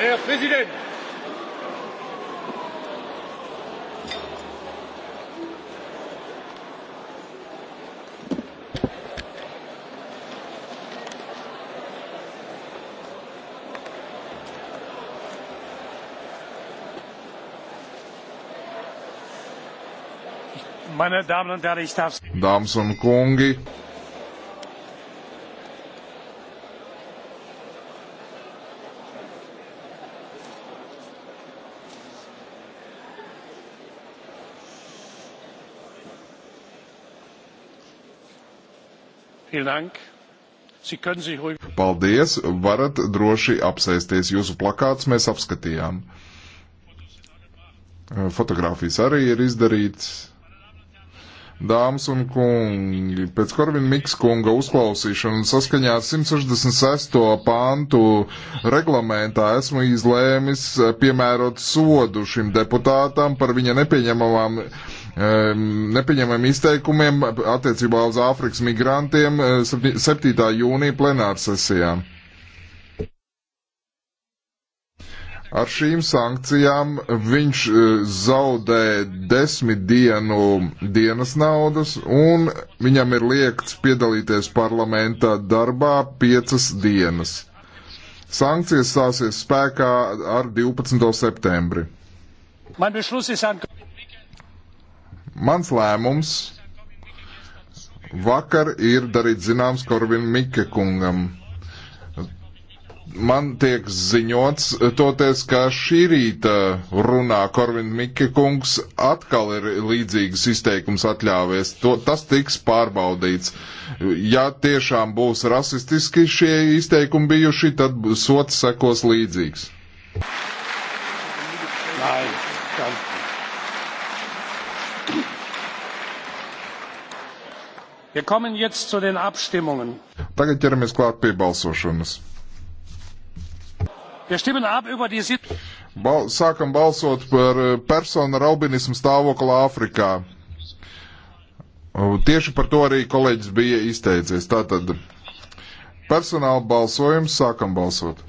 Herr Präsident! Meine Damen und Herren, ich darf Dāmas un kungi, Paldies, varat droši apsēsties. Jūsu plakāts mēs apskatījām. Fotogrāfijas arī ir izdarīts. Dāmas un kungi, pēc Korvina Mikskunga uzklausīšanu saskaņā ar 166. pāntu reglamentā esmu izlēmis eh, piemērot sodu šim deputātam par viņa nepieņemamām, nepieņemamiem izteikumiem attiecībā uz Āfrikas migrantiem 7. Eh, jūnija plenārsesijām. Ar šīm sankcijām viņš e, zaudē desmit dienu dienas naudas, un viņam ir liekts piedalīties parlamentā darbā piecas dienas. Sankcijas stāsies spēkā ar 12. septembri. Mans lēmums vakar ir darīt zināms Korvin Mikke kungam man tiek ziņots, toties, ka šī rīta runā Korvin Mikke kungs atkal ir līdzīgas izteikums atļāvies. To, tas tiks pārbaudīts. Ja tiešām būs rasistiski šie izteikumi bijuši, tad sots sekos līdzīgs. Nein, danke. Wir kommen jetzt zu den Abstimmungen. Tagad ķeramies klāt pie balsošanas. Bal sākam balsot par eh, persona ar albinismu stāvokli Āfrikā. Tieši par to arī kolēģis bija izteicies. Tātad personāla balsojums sākam balsot.